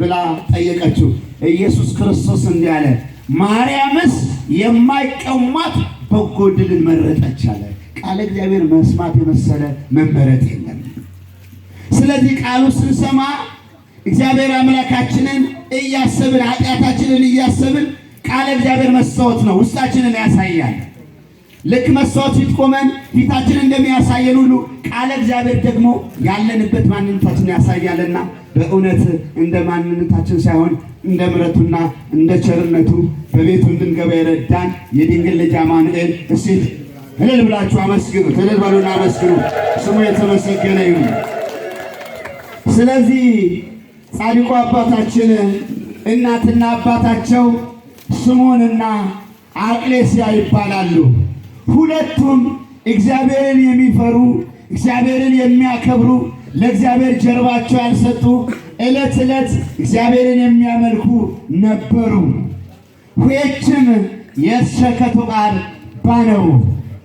ብላ ጠየቀችው። ኢየሱስ ክርስቶስ እንዲህ አለ፣ ማርያምስ የማይቀሟት በጎ ዕድልን መረጠች አለ። ቃለ እግዚአብሔር መስማት የመሰለ መመረጥ የለም። ስለዚህ ቃሉ ስንሰማ እግዚአብሔር አምላካችንን እያሰብን ኃጢአታችንን እያሰብን ቃለ እግዚአብሔር መስታወት ነው፣ ውስጣችንን ያሳያል። ልክ መስታወት ፊት ቆመን ፊታችን እንደሚያሳየን ሁሉ ቃለ እግዚአብሔር ደግሞ ያለንበት ማንነታችን ያሳያልና በእውነት እንደ ማንነታችን ሳይሆን እንደ ምረቱና እንደ ቸርነቱ በቤቱ እንድንገባ የረዳን የድንግል ልጅ አማኑኤል እሴት እልል ብላችሁ አመስግኑት። እልል በሉና አመስግኑ። ስሙ የተመሰገነ ይሁን። ስለዚህ ጻድቁ አባታችን እናትና አባታቸው ስምዖንና አቅሌስያ ይባላሉ። ሁለቱም እግዚአብሔርን የሚፈሩ እግዚአብሔርን የሚያከብሩ ለእግዚአብሔር ጀርባቸው ያልሰጡ ዕለት ዕለት እግዚአብሔርን የሚያመልኩ ነበሩ። ኄችም የሰከቱ ቃል ባነው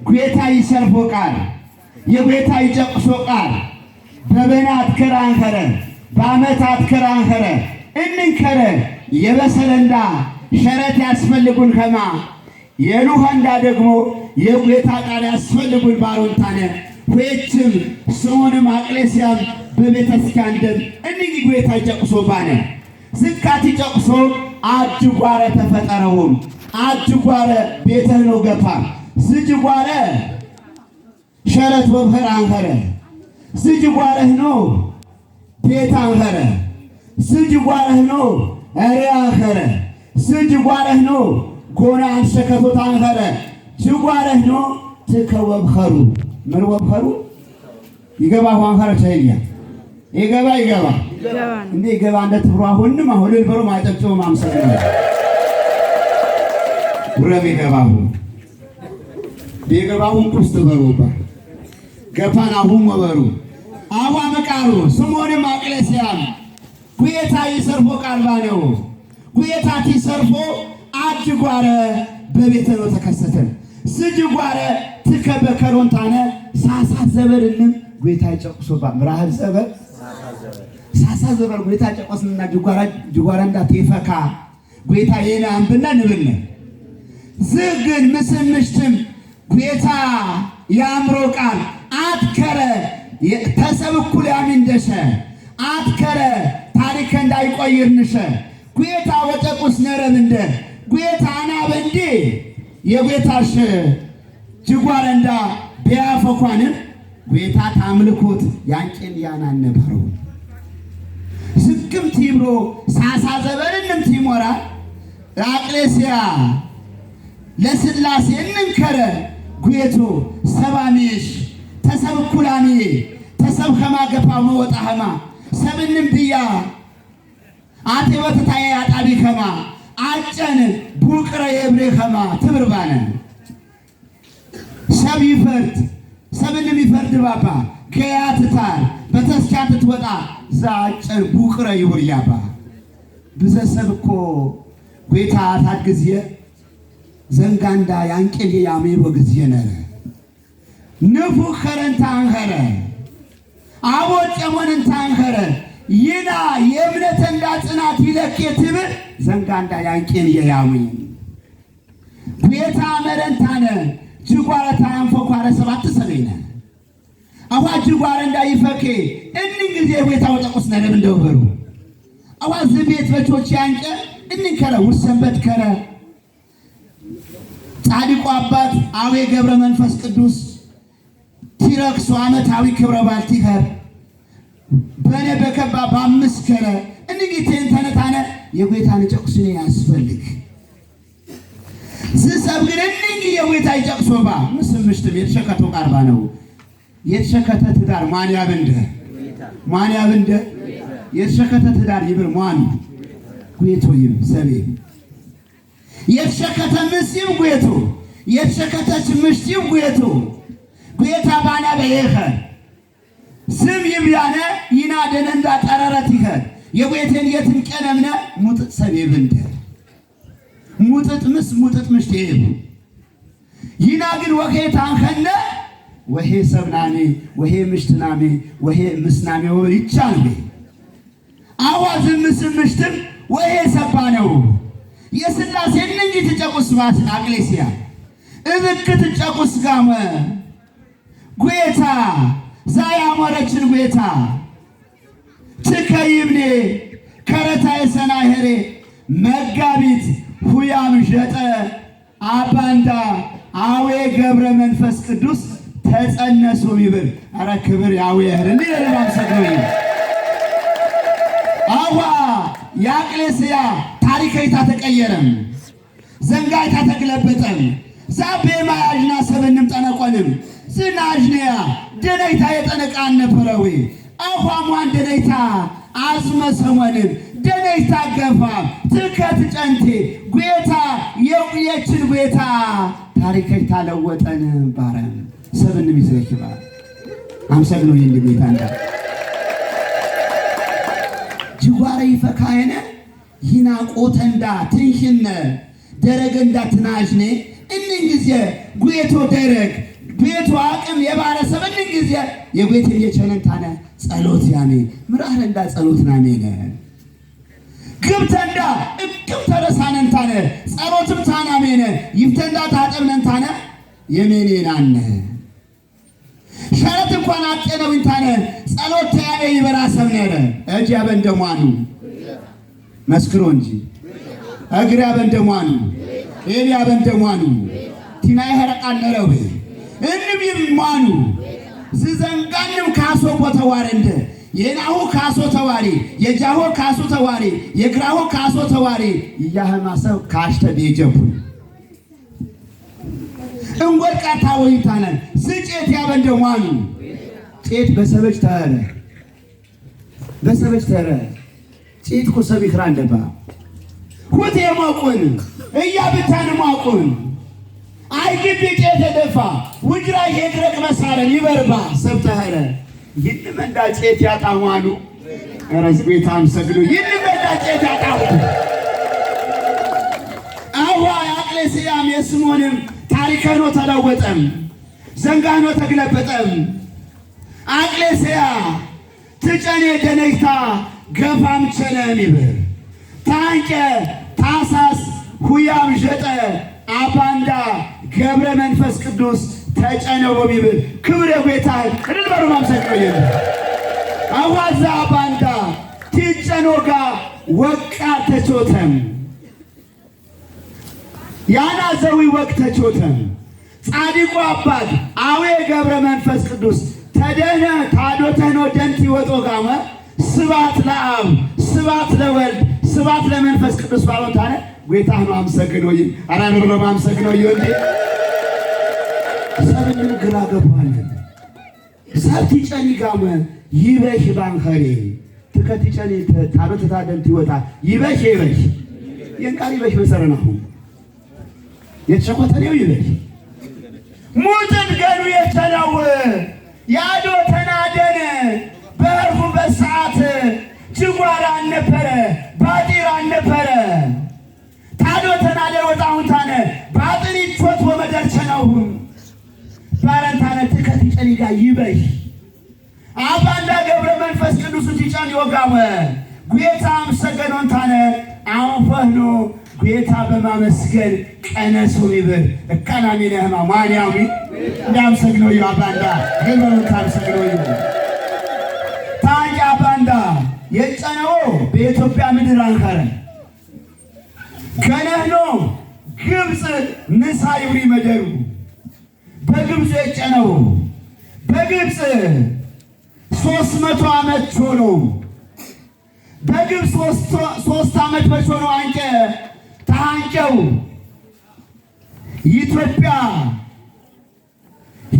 ጌታ ይሰርፎ ቃል የጌታ ይጨቅሶ ቃል በበና አትከራንከረ በአመት አትከራንከረ እንንከረ የበሰለንዳ ሸረት ያስፈልጉን ከማ የሉሃንዳ ደግሞ የጌታ ቃል ያስፈልጉን ባሮንታነ ሁየችም ስሆንም አቅሌስያም በቤተስኪያን ደም እንዲ ጌታ ጨቁሶ ባነ ዝቃቲ ጨቁሶ አጅጓረ ተፈጠረውም አጅጓረ ቤተ ነው ገፋ ዝጅጓረ ሸረት ወብኸር አንኸረ ዝጅጓረህ ነው ቤት አንኸረ ዝጅጓረህ ነው ሪያ አንኸረ ዝጅጓረህ ነው ጎራሸ ከቦታ አንፈረ ትጓረህ ኖ ትከወብኸሩ ምን ወብኸሩ ይገባ አንፈረ ቸያ ይገባ ይገባ እንዴ ይገባ እንደ ትብሮ አሁንም አሁን ልበሩ ማጨብጨቡ ማምሰል ነው ጉረብ ይገባሁ ሁን ቁስት በሮባ ገፋን አሁን ወበሩ አቧ መቃሩ ስምዖንም አቅለስያም ኩየታ ይሰርፎ ቃልባ ነው ኩየታቲ ቲሰርፎ አጅጓረ በቤተ ነው ተከሰተን ስጅጓረ ትከበከሮንታነ ሳሳ ዘበርንም ጌታ ይጨቁሶባ ምራህል ዘበር ሳሳ ዘበር ጌታ ጨቆስንና ጅጓራ እንዳትፈካ ጌታ የኔ አንብና ንብል ዝግን ምስምሽትም ጌታ ያምሮ ቃል አትከረ ተሰብኩል ያሚንደሸ አትከረ ታሪከ እንዳይቆይርንሸ ጎይታ ወጨቁስ ነረብንደ ጌታና በንዴ የጌታሽ ጅጓረንዳ ቢያፈኳንም ጌታ ታምልኮት ያንቄን ያናን ነበሩ ቲብሮ ሳሳ ዘበንንም ቲሞራ አቅሌስያ ለስላሴ እንንከረ ጉየቶ ሰባሜሽ ተሰብኩላኔ ተሰብ ከማገፋ መወጣ ኸማ ሰብንም ብያ አቴ በትታየ አጣቢ ከማ አጨን ቡቅረ የብሬ ኸማ ሰብ ይፈርድ ሰብን የሚፈርድ ባባ ገያ ትታር በተስቻ ትትወጣ ዛጨን ቡቅረ ይሁር ያባ ብዘሰብ እኮ ጌታ ታት ዘንጋንዳ ያንቄል ያሜቦ ጊዜ ነረ ንፉ ኸረንታንኸረ አቦ ጨሞንንታንኸረ ይና የእምነት እንዳጽናት ጽናት ይለኬ ትብል ዘንጋ እንዳ ያንቄን የያዊ ቤታ መረንታነ ጅጓረ ታንፎኳረ ሰባት ሰበይነ አዋ ጅጓረ እንዳይፈኬ ይፈኬ ጊዜ ቤታ ወጠቁስ ነረብ እንደወበሩ አዋ ቤት በቾች ያንቀ እኒ ከረ ውሰንበት ከረ ጻድቁ አባት አዌ ገብረ መንፈስ ቅዱስ ቲረክሱ ዓመታዊ ክብረ በዓል ቲኸር በነ በከባ በአምስት ከረ እንዲጌቴን ተነታነ የጌታን ጨቅሱን ያስፈልግ ዝሰብ ግን እንዲህ የጌታ ይጨቅሶባ ምስል ምሽትም የተሸከቶ ቃርባ ነው የተሸከተ ትዳር ማን ያብንደ ማን ያብንደ የተሸከተ ትዳር ይብር ማን ጉቶ ይብ ሰቤ የተሸከተ ምስይም ጉቶ የተሸከተች ምሽትም ጉቶ ጉታ ባና በየኸ ስብ ይብላነ ይናደነ እንዳጠረረቲከ የጎየቴን የትን ቀነምነ ሙጥጥ ሰቤብ እንደ ሙጥጥ ምስ ሙጥጥ ምሽት ይብ ይና ግን ወኼ ታንኸነ ወሄ ሰብናሜ ወሄ ምሽትናሜ ወሄ ምስናሜ ይቻል አዋዝም ምስም ምሽትም ወሄ ሰባ ነው የሥላሴ እንጂ ትጨቁስ ማት አቅሌስያ እብክ ትጨቁስ ጋመ ጉየታ ዘያሞረችን ቤታ ትከይብኔ ከረታይ ሰናሄሬ መጋቢት ሁያም ዠጠ አባንዳ አዌ ገብረ መንፈስ ቅዱስ ተጸነሱ ይብል አረ ክብር ያዌ ህርን ለማሰግነው ይብል አዋ የአቅሌስያ ታሪከይታ ተቀየረም ዘንጋይታ ተግለበጠም ዛቤ ማያዥና ሰብንም ጠነቆንም ዝናዥንያ ደናይታ የጠነቃ አልነበረ ወይ አፏሟን ደናይታ አዝመ ሰሞንን ደናይታ ገፋ ትከት ጨንቴ ጉታ የቁየችን ቤታ ታሪከች ታለወጠን ባረን ሰብን ይዘክባል አምሰግነው ይህን ቤታ እንዳ ጅጓረ ይፈካየነ እንዳ ትንሽነ ደረገ እንዳ ትናሽኔ እንን ጊዜ ጉየቶ ደረግ ቤቱ አቅም የባረሰ ጊዜ የቤት የቸንን ታነ ጸሎት ያኔ ምራህን እንዳ ጸሎት ናኔ ነ ግብተንዳ እቅም ተረሳነን ታነ ጸሎትም ታናሜነ ይብተንዳ ታጠብነን ታነ የሜኔ ናነ ሸረት እንኳን አጤነው ታነ ጸሎት ተያኔ ይበራሰብ ነረ እጅ ያበን መስክሮ እንጂ እግር ያበን ኤል ያበን ደሟኑ ቲናይ ኸረቃ እንቢብ ማኑ ዝዘንጋንም ካሶ ቦተዋረንደ የናሁ ካሶ ተዋሪ የጃሆ ካሶ ተዋሪ የግራሆ ካሶ ተዋሪ እያህማሰብ ካሽተ ቤጀቡን እንወድቃታ ወይታነን ስጬት ያበንደ ማኑ ጤት በሰበች ተረ በሰበች ተረ ጤት ኮሰብ ይክራ እንደባ ሁት የማቁን እያ ብታን ማቁን አይግብ የተደፋ ውጅራ የድረቅ መሳረን ይበርባ ሰብተኸረ ይንመንዳ ጬት ያጣሟሉ ረዝ ቤታም ሰግዶ ይንመንዳ ጬት ያጣሙ አዋ የአቅሌስያም የስሞንም ታሪከኖ ተለወጠም ዘንጋኖ ተግለበጠም አቅሌስያ ትጨኔ ደነይታ ገፋም ቸነም ይብር ታንቄ ታሳስ ሁያም ዠጠ አባንዳ ገብረ መንፈስ ቅዱስ ተጨነው በሚብል ክብረ ጌታ እድል በሩ ማምሰቅ አዋዛ ባንዳ ቲጨኖጋ ወቃ ተቾተም ያና ዘዊ ወቅ ተቾተም ጻድቁ አባት አዌ ገብረ መንፈስ ቅዱስ ተደነ ታዶተኖ ደንቲ ወጦ ጋመ ስባት ለአብ ስባት ለወልድ ስባት ለመንፈስ ቅዱስ ባሎታነ ጌታ ነው አመሰግነው ይል አራሮ ነው አመሰግነው ይል ሰብን ግራ ገባል ሰብቲ ጨኒ ጋመ ይበሽ ባንኸሬ ትከቲ ጨኒ ታበት ታደም ትወጣ ይበሽ ይበሽ የንቃሪ ይበሽ መሰረናሁ የተሸኮተኔው ይበሽ ሙትን ገኑ የተለው ያዶ ተናደን በእርፉ በሰዓት ጅጓራ አልነበረ ባጢራ አልነበረ ባዶ ተናደር ወጣሁንታነ ባጥኒ ቾት ወመደርቸነው ባረንታነ ትከት ጨኒ ጋ ይበይ አባ ገብረ መንፈስ ቅዱስ ቲጫን ይወጋመ ጉታ አምሰገኖንታነ አንፈህኖ ጉታ በማመስገን ቀነሱ ይብር እቀናሚ ነህማ ማንያዊ እንዳምሰግነው ዩ አባንዳ ገብረመንታ አምሰግነው ዩ ታንቂ አባንዳ የጨነዎ በኢትዮጵያ ምድር አንከረን ገነህኖ ግብፅ ንሳይብሪ መደሩ በግብፅ የጨነው በግብፅ ሶስት መቶ ዓመት ሆነው በግብፅ ሶስት ዓመት በሾነው አንጨ ተሃንጨው ኢትዮጵያ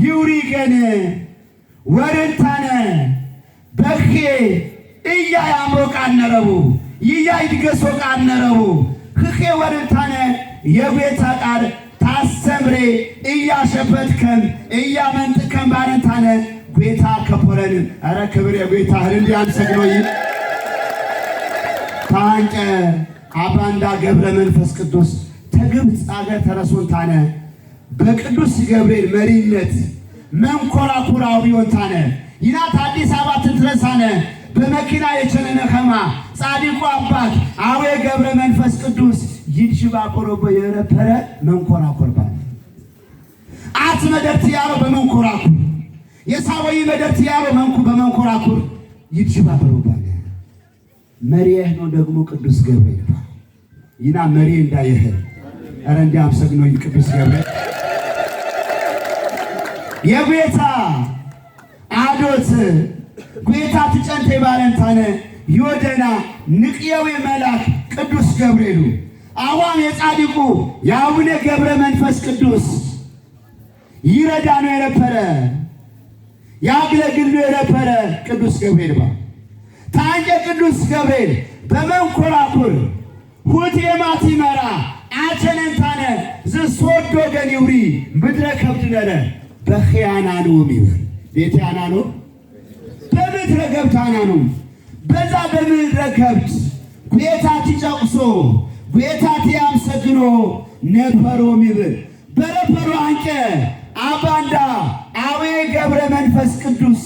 ይውሪ ገነ ወርንታነ በኬ እያ ያምሮ ቃነረቡ ይያ ይድገሶ ቃነረቡ ሰብኬ ወርታነ የቤተ ቃል ታሰምሬ እያሸበትከን እያመንጥከን ባርንታነ ቤታ ከፖረን ኧረ ክብር የቤታ ህልል ያንሰግኖይ ታንቀ አባንዳ ገብረ መንፈስ ቅዱስ ተግብፅ አገር ተረሶንታነ በቅዱስ ገብርኤል መሪነት መንኮራኩራዊ ወንታነ ይናት አዲስ አበባ ትንትረሳነ በመኪና የቸነነ ኸማ ጻድቁ አባት አቡነ ገብረ መንፈስ ቅዱስ ይድሽባ ቆሮቦ የነበረ መንኮራኮር ባለ አት መደብት ያሮ በመንኮራኩር የሳወይ መደብት ያሮ መንኩ በመንኮራኩር ባቆሮ ባለ መሪህ ነው ደግሞ ቅዱስ ገብረ ገብርኤል ይና መሪ እንዳይህ አረ እንዲ አምሰግኖኝ ቅዱስ ገብረ የጌታ አዶት ጌታ ትጨንቴ ባለንታነ ይወደና ንቅየዊ መልአክ ቅዱስ ገብርኤሉ አዋም የጻድቁ የአቡነ ገብረ መንፈስ ቅዱስ ይረዳ ነው የረፈረ ያግለግል ነው ቅዱስ ገብርኤል ባ ታንጀ ቅዱስ ገብርኤል በመንኮራኩር ሁቴማት ይመራ አቸነንታነ ዘሶዶ ገኒውሪ ምድረ ከብድነረ በኽያናኖም ይበር ቤትያናኖም በምድረ ገብታና ነው። በዛ በምድረ ከብት ጌታት ጨቁሶ ጌታት ያምሰግኖ ነፈሮ ሚብር በረፈሮ አንጨ አባንዳ አዌ ገብረ መንፈስ ቅዱስ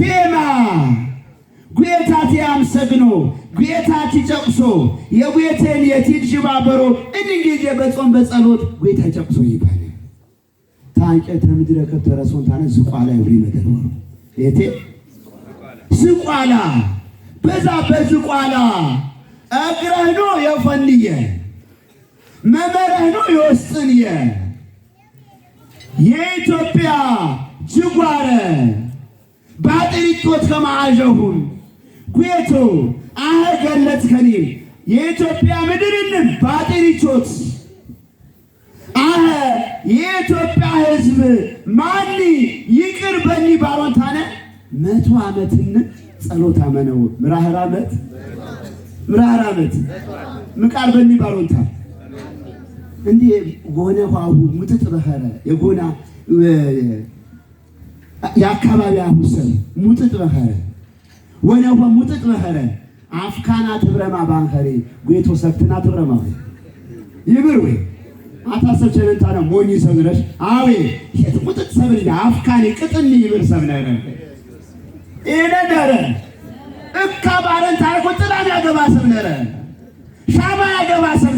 ቴማ ጌታት ያምሰግኖ ጌታት ጨቁሶ የጌቴን የቲድ ሽባበሮ እንግዲህ በጾም በጸሎት ጌታ ጨቁሶ ይባላል። ታንቄተ ምድረ ከተረሶን ታነ ዝቋላ ይሁሪ ነገር ነው እቴ ዝቋላ በዛ በዝቋላ እግረህ ነው የፈንየ መመረህ ነው የወስጥንየ የኢትዮጵያ ጅጓረ ባጥሪቶት ከማአዠሁን ኩየቶ አህገለት ከኒ የኢትዮጵያ ምድርንም ባጥሪ የኢትዮጵያ ሕዝብ ማን ይቅር በኒ ባሮታነ መቶ ዓመትን ጸሎት አመነው ምራህር ዓመት ምራህር ዓመት ምቃር በኒ ባሮታ እንዴ ጎነ ኋሁ ሙጥጥ በኸረ የጎና የአካባቢ አሁሰብ ሙጥጥ በኸረ ወነሆ ሙጥጥ በኸረ አፍካና ትብረማ ባንኸሬ ጎቶ ሰክትና ትብረማ ይብር ወይ አታሰብ ቸበንታ ነው ሞኝ ሰብ ነሽ አዌ የትሙጥጥ ሰብ ልጅ አፍካኔ ቅጥል ይብል ሰብ ነረ እካ ባረን ታሪኮ ጥላን ያገባ ሰብ ሻማ ያገባ ሰብ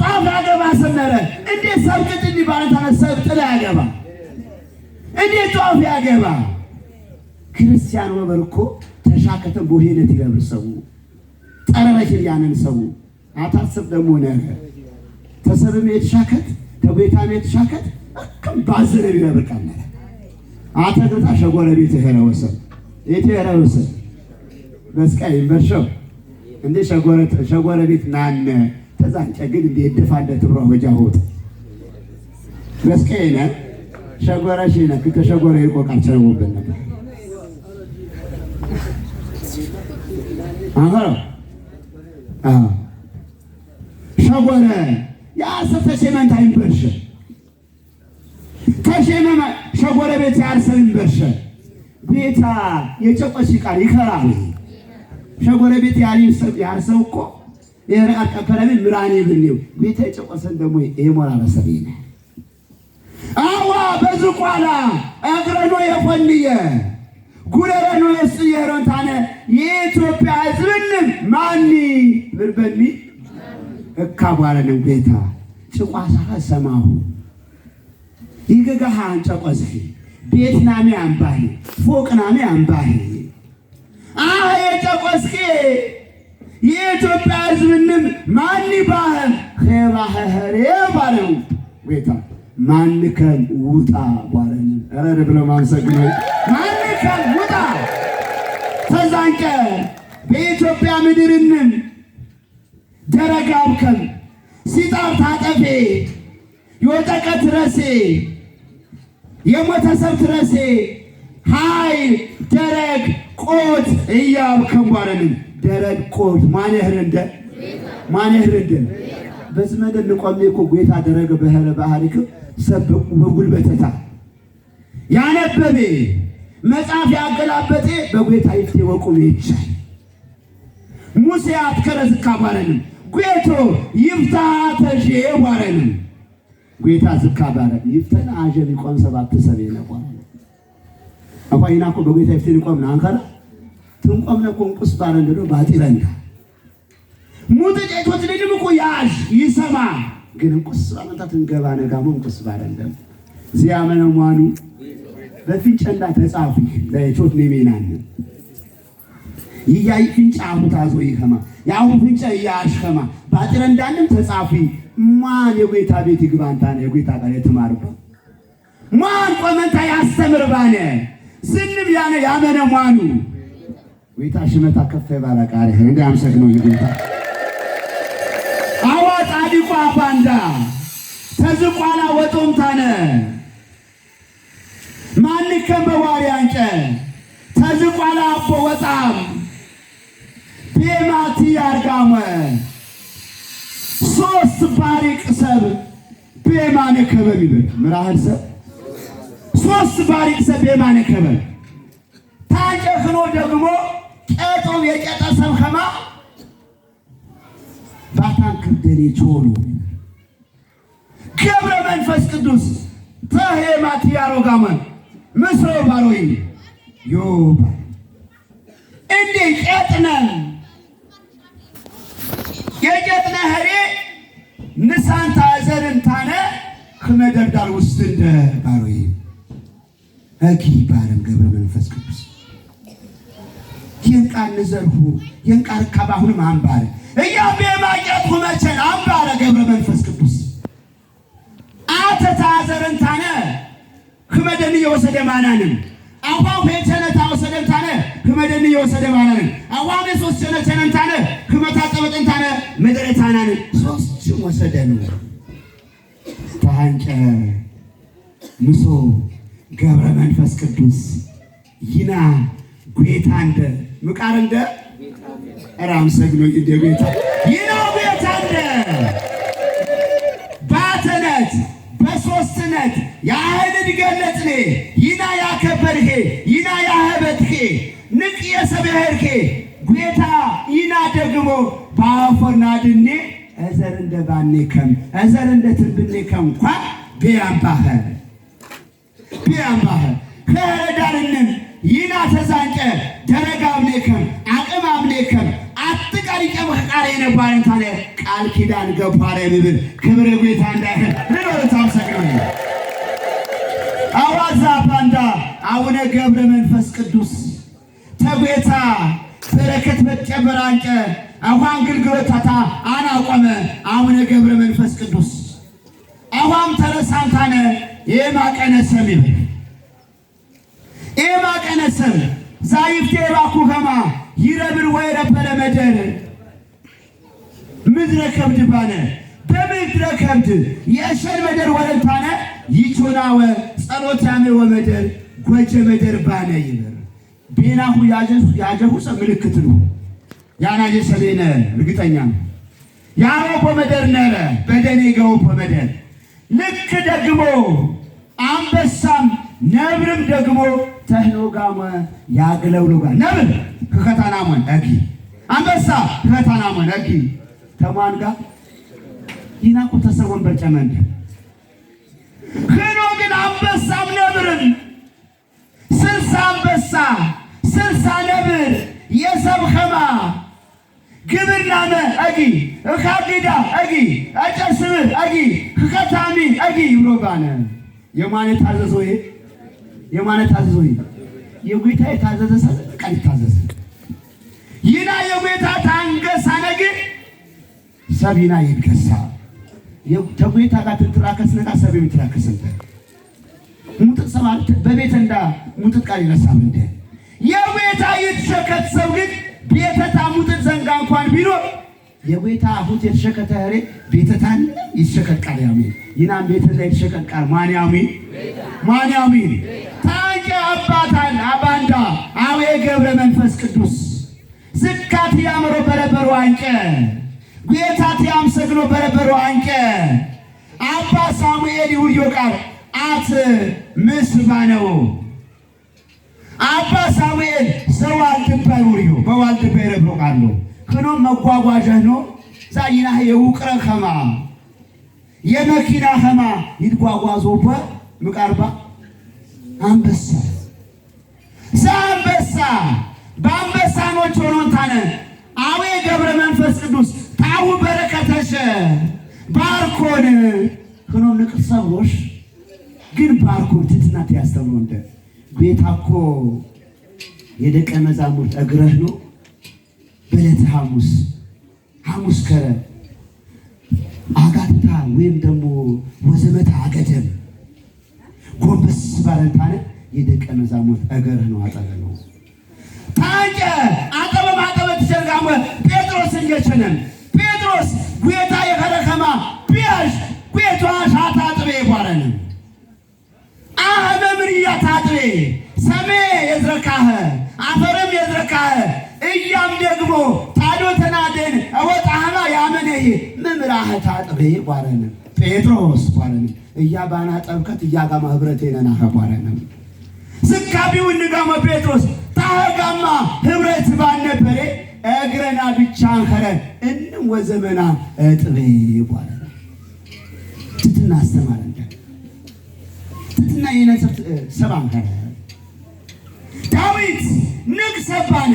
ጧፍ ያገባ ሰብ እንዴት ሰብ ቅጥል ባረን ታረ ሰብ ጥላ ያገባ እንዴት ጧፍ ያገባ ክርስቲያን ወበር እኮ ተሻከተን ቦሄነት ይገብር ሰው ጠረበሽን ያንን ሰው አታስብ ደግሞ ነረ ከሰብም የተሻከት ከጌታም የተሻከት እክም ባዘነብ ይበብርቃል አተግጣ ቤት የሄረወሰብ የት የሄረወሰብ መስቀል ይመርሸው እንዴ ቤት ናነ ተዛንጨ ግን እንዴ ይደፋለ ትብሮ ወጃ ሆጥ መስቀል ነ ሸጎረሽ ነ ከተሸጎረ ይቆቃል ቸረቦብን ነበር አሃ አሃ ሸጎረ የአስር ተሸመንታ ይንበርሸ ተሸመመ ሸጎረቤት ያርሰ ይንበርሸ ቤታ የጨቆሽ ቃል ይከራል ሸጎረቤት ያርሰው እኮ የረቃት ቀፈረብን ምራኔ ብኔው ቤተ የጨቆሰን ደግሞ የሞራ በሰብ አዋ በዝቋላ እግረኖ የቆንየ ጉረረኖ የስየሮንታነ የኢትዮጵያ ሕዝብንም ማኒ ምርበኒ እካ ቧለነ ጌታ ጭቋሳኸ ሰማሁ ይገጋሃ አንጨቆዝፊ ቤት ናሜ አምባሄ ፎቅ ናሜ አምባሄ አሀ የጨቆስኬ የኢትዮጵያ ሕዝብንም ማኒ ባህ ኸባኸኸሬ ባለው ጌታ ማንከን ውጣ ቧለን ረድ ብሎ ማመሰግነ ማንከን ውጣ ተዛንቀ በኢትዮጵያ ምድርንም ተረጋብከን ሲጣር ታጠፌ የወጠቀት ረሴ የሞተ ሰብ ትረሴ ኃይል ደረግ ቆት እያብ ከንቧረንን ደረግ ቆት ማነህርንደ ማነህርንደን በዝመደን ንቆሜ እኮ ጌታ ደረገ በህረ ባህሪክም ሰብቁ በጉልበተታ ያነበቤ መጽሐፍ ያገላበጤ በጌታ ይፍቴ ወቁሜ ይቻል ሙሴ አትከረ ዝካባረንም ጌቶ ይፍታ ተሽየ ጓረን ጌታ ዝካ ባረግ ይፍተን አጀብ ይቆም ሰባት ሰብ ይለቆም አቋይና ቆ በጌታ ይፍተን ይቆም ናንከራ ትንቆም ነቆም ቁስ ባረን ደዶ ባጢረን ሙት ጨይቶት ለድም ቆ ያሽ ይሰማ ግን ቁስ አመታት እንገባ ነጋሙ ቁስ ባረን ደም ዚያመነ ማኑ በፍንጨላ ተጻፉ ለይቾት ነሜናን ይያይ ፍንጫ አቡታዞ ይከማ የአሁን ፍንጨ የአሽከማ በአጥረ እንዳንም ተጻፊ ማን የጌታ ቤት ይግባንታነ የጌታ ቃል የትማርባ ማን ቆመንታ ያስተምር ባነ ስንብ ያነ ያመነ ማኑ ጌታ ሽመታ ከፈ ባላቃሪ እንደ ነው ይጌታ አዋ ጻዲቋ ባንዳ ተዝቋላ ወጦምታነ ማን በዋሪ አንጨ ተዝቋላ አቦ ወጣም ቤማቲ አርጋመ ሶስት ባሪቅ ሰብ ቤማነ ከበብ ይበል ምራህል ሰብ ሶስት ባሪቅ ሰብ ቤማነ ከበብ ታጨፍኖ ደግሞ ቄጦ የቄጠ ሰብ ኸማ ባታን ክርደኔ ቾሉ ገብረ መንፈስ ቅዱስ ተሄማቲ ያሮጋመን ምስሮ ባሮይ ዮባ እንዴ ቄጥነን የጌጥነ ህሬ ንሳን ታዘር እንታነ ውስጥ እንደ ባሮይ እኪ ባለም ገብረ መንፈስ ቅዱስ የንቃን ንዘርሁ የንቃር ከባሁንም አንባረ እያቤ ማቄት ሁመቸን አንባረ ገብረ መንፈስ ቅዱስ አተ ታዘር እንታነ የወሰደ ማናንም አሁን ሄቸነ ታወሰደ ክመደን የወሰደ ባላንን አዋቤ ሶስት ቸነ ቸነንታነ ክመታጠበ ጥንታነ መደረታናን ሶስትም ወሰደን ተሃንጨ ምሶ ገብረ መንፈስ ቅዱስ ይና ጌታ እንደ ምቃር እንደ ራም ሰግኖ እንደ ጌታ ይና ጌታ እንደ ባተነት በሶስትነት የአህልን ገለጽኔ ይና ያከበርሄ ይና ያህበትሄ ንቅ የሰብሔርኬ ጌታ ኢና ደግሞ በአፎና ድኔ እዘር እንደ ባኔከም እዘር እንደ ትንብኔከም እንኳ ቢያምባኸ ቢያምባኸ ከረዳርንን ይና ተዛንጨ ደረጋ አብኔከም አቅም አብኔከም አትቀሪቀ መቃሬ ነባርን ካለ ቃል ኪዳን ገባረ ብብል ክብረ ጌታ እንዳይህ ልኖርታ ሰግነ አዋዛ ባንዳ አቡነ ገብረ መንፈስ ቅዱስ ተጎታ በረከት በትጨበራ አንጨ አሁን ግልግሎታታ አናቆመ አቡነ ገብረ መንፈስ ቅዱስ አሁን ተረሳንታነ ዛይፍቴ ባኩ ከማ ይረብር መደር ምድረ ከብድ ባነ በምድረ ከብድ መደር ይቾናወ ጸሎታሜ ወመደር ጎጀ መደር ባነ ይበር ቤናሁ ያጀሁሰ ምልክት ነው ያናጀሰ ቤነ እርግጠኛ ነው ያሮኮ መደር ነረ በደኔ ገውኮ መደር ልክ ደግሞ አንበሳም ነብርም ደግሞ ተህኖጋመ ያግለውሎጋ ነብር ክኸታናመን አጊ አንበሳ ክኸታናመን አጊ ተማን ጋ ይናኮ ተሰወን በጨመንድ ህኖ ግን አንበሳም ነብርም ስልሳ አንበሳ ስልሳ ነብር የሰብኸማ ግብርናመ አጊ እካዲዳ አጊ አጨስብር አጊ ክከታሚ አጊ ብሎ ባለ የማን የታዘዘ ወይ የማን የታዘዘ ወይ የጌታ የታዘዘ ሰው ቃል የታዘዘ ይና የጌታ ታንገሳ ነግር ሰቢና ይድገሳ ተጌታ ጋር ትትራከስ ነቃ ሰብ የሚትራከስበት ሙጥጥ ሰማል በቤት እንዳ ሙጥጥ ቃል ይነሳም እንደ የጌታ የተሸከተ ሰው ግን ቤተ ታሙትን ዘንጋ እንኳን ቢኖር የጌታ አሁት የተሸከተ ሬ ቤተታን ይሸከቃል ያሚ ይናም ቤተታ ይሸከቃል ማን ያሚ ማን ያሚ ታንቀ አባታን አባንዳ አዌ ገብረ መንፈስ ቅዱስ ዝካት ያምሮ በረበሩ አንቀ ጌታት ያምሰግሎ በረበሩ አንቀ አባ ሳሙኤል ይውዮ ቃል አት ምስባ ነው አባ ሳሙኤል ዘዋልድባ ይውርዩ በዋልድባ ይረግሮቃሉ ክኖ መጓጓዣ ነው ዛይና የውቅረ ኸማ የመኪና ኸማ ይትጓጓዞበ ምቃርባ አንበሳ ዘአንበሳ በአንበሳኖች ሆኖንታነ አዌ ገብረ መንፈስ ቅዱስ ታሁ በረከተሸ ባርኮን ክኖም ንቅሰቦሽ ግን ባርኮን ትትናት ያስተምሮ እንደ ቤታኮ የደቀ መዛሙርት እግረህ ነው። በዕለተ ሐሙስ ሐሙስ ከረ አጋታ ወይም ደግሞ ወዘመታ አገደም ጎንበስ ባለንታነ የደቀ መዛሙርት እግረህ ነው አጠበ ነው ታንጨ አጠበ ማጠበ ተሸርጋሞ ጴጥሮስ እንጀቸነን ዘረካህ አፈርም የዝረካህ እያም ደግሞ ታዶ ተናደን እወጣህማ ያመነይ ምምራህ ታጥሬ ቧረን ጴጥሮስ ቧረን እያ ባና ጠብከት እያ እያጋማ ህብረት የነናህ ቧረንም ስካቢው እንጋማ ጴጥሮስ ታኸጋማ ህብረት ባነበረ እግረና ብቻ አንከረ እንም ወዘመና እጥቤ ቧረን ትትና አስተማረ እንደ ትትና የነሰብ ሰባንኸረ ዳዊት ንግስ ባለ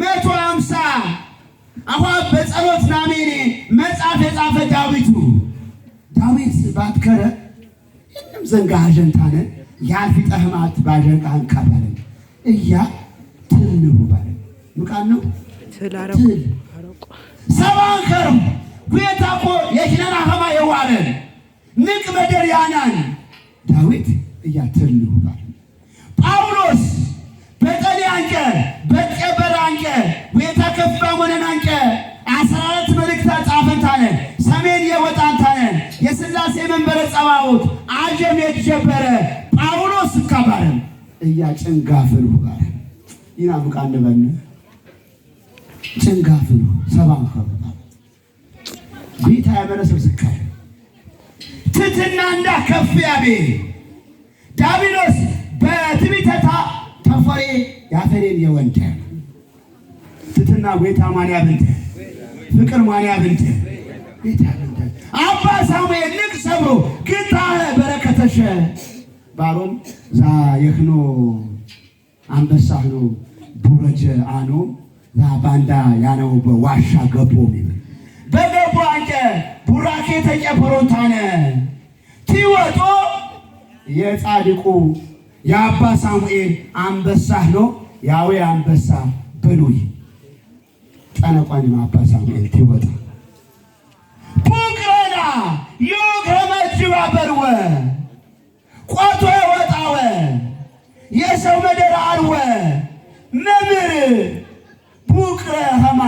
መቶ ሃምሳ አኋ በጸሎት ናሜኔ መጽሐፍ የጻፈ ዳዊቱ ዳዊት ባትከረ ይህንም ዘንጋ አጀንታነ ያልፊጠህማት ባጀንቃ አንካባለ እያ ትንቡ ባለ ምቃን ነው ትል ሰባንከርም ጉየታቆ የኪነና ኸማ የዋለን ንቅ በደር ያናን ዳዊት እያተልሁ ጳውሎስ በጠሌ አንቀ በቀበረ አንቀ ቤታ ከባ ወነን አንቀ አስራ አራት መልእክታት ጻፈንታነ ሰሜን የወጣንታነ የሥላሴ መንበረ ጸባዖት አጀም የተጀበረ ጳውሎስ እካባረም እያ ጋር ይናምቃ እንደበነ ጭንጋፍልሁ ሰባን ከባ ቤታ ያበረሰብ ስካር ትትና እንዳ ያቤ ዳቢሎስ በትቢተታ ተፈሬ ያፈሬን የወንደ ትትና ቤታ ማንያ ብንተ ፍቅር ማንያ ብንተ አባ ሳሙኤል ልቅ ሰብሮ ግታ በረከተሸ ባሮም ዛ የክኖ አንበሳ ሆኖ ቡረጀ አኖ ዛ ባንዳ ያነው በዋሻ ገቦ በገቦ አንጨ ቡራኬ ተጨፈሮታነ ቲወጦ የጻድቁ የአባ ሳሙኤል አንበሳህ ነው ያዌ አንበሳ ብሉይ ጠነቋኒ አባ ሳሙኤል ትወጣ ቡቅረና የወገመጅባ በርወ ቆቶ ወጣወ የሰው መደር አልወ መምር ቡቅረ ሀማ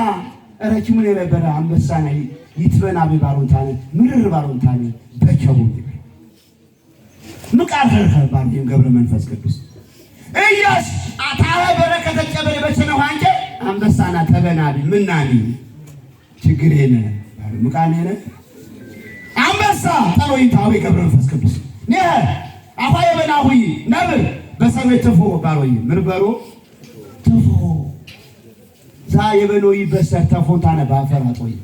ረችሙን የነበረ አንበሳ ናይ ይትበና ቤ ባሮንታነ ምርር ባሮንታነ በቸቡ ምቃር ባንዲም ገብረ መንፈስ ቅዱስ እያስ አታረ በረከተ ጨበል በሰነ ዋንጀ አንበሳና ተበናል ምናኒ ችግር የነ ምቃን የነ አንበሳ ጠሎይ ታዊ ገብረ መንፈስ ቅዱስ ነህ አፋ የበናሁይ ነብር በሰነ ተፎ ባሮይ ምርበሮ ተፎ ዛ የበኖይ በሰር ተፎንታነ ባፈራጦይ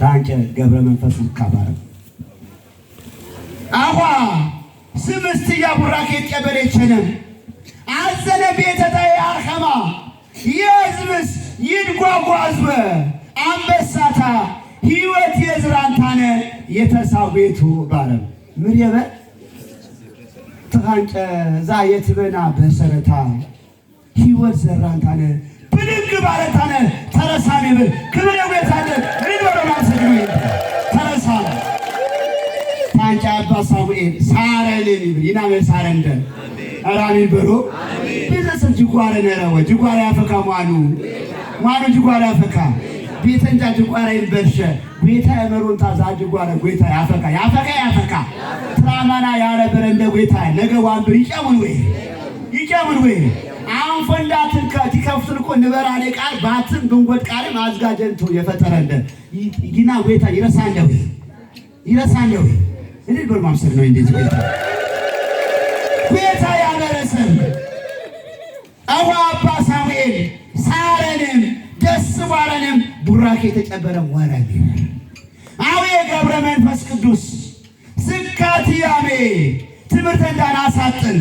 ታንጨ ገብረ መንፈስ ካባረ አፋ ስምስትያ ቡራኬ ቀበሌ ቸነን አዘነ ቤተታይ አርኸማ የህዝብስ ይድጓጓዝበ አንበሳታ ህይወት የዝራንታነ የተሳው የተሳቤቱ ባለም ምርየበ ትኻንጨ ዛ የትበና በሰረታ ህይወት ዘራንታነ ብልግ ባለታነ ተረሳኔ ብል ክብር የጎታለ ሪዶሮ ማሰግነ አንቺ አባ ሳሙኤል ሳረን ይብል ይናመ ሳረንደ አራሚ በሮ ቤተሰብ ጅጓረ ነረወ ጅጓረ ያፈካ ማኑ ማኑ ጅጓረ ያፈካ ቤተንጫ ጅጓረ ይበርሸ ቤታ የመሩን ታዛ ጅጓረ ጎይታ ያፈካ ያፈካ ያፈካ ትራማና ያረ እንደ ጎይታ ነገ ዋንዱ ይጨሙን ወይ ይጨሙን ወይ አሁን ፈንዳትን ከቲከፍትን እኮ ንበራኔ ቃል ባትን ብንጎድ ቃልም አዝጋጀንቶ የፈጠረንደ ይና ጎይታ ይረሳንደው ይረሳንደው እኔ በማብሰል ነው እንደዚህ ቤታ ቤታ ያበረሰን አዋ አባ ሳሙኤል ሳረንም ደስ ባረንም ቡራኬ የተጨበረ ወረብ አቤ ገብረ መንፈስ ቅዱስ ስካትያሜ ትምህርት እንዳናሳጥን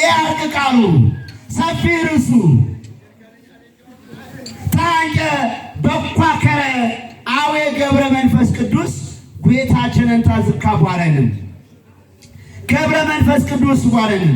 የአርቅ ቃሉ ሰፊ ርሱ ታንቀ በኳከረ አዌ ገብረ መንፈስ ቅዱስ ጌታችንን ታዝካ ገብረ መንፈስ ቅዱስ ቧለንም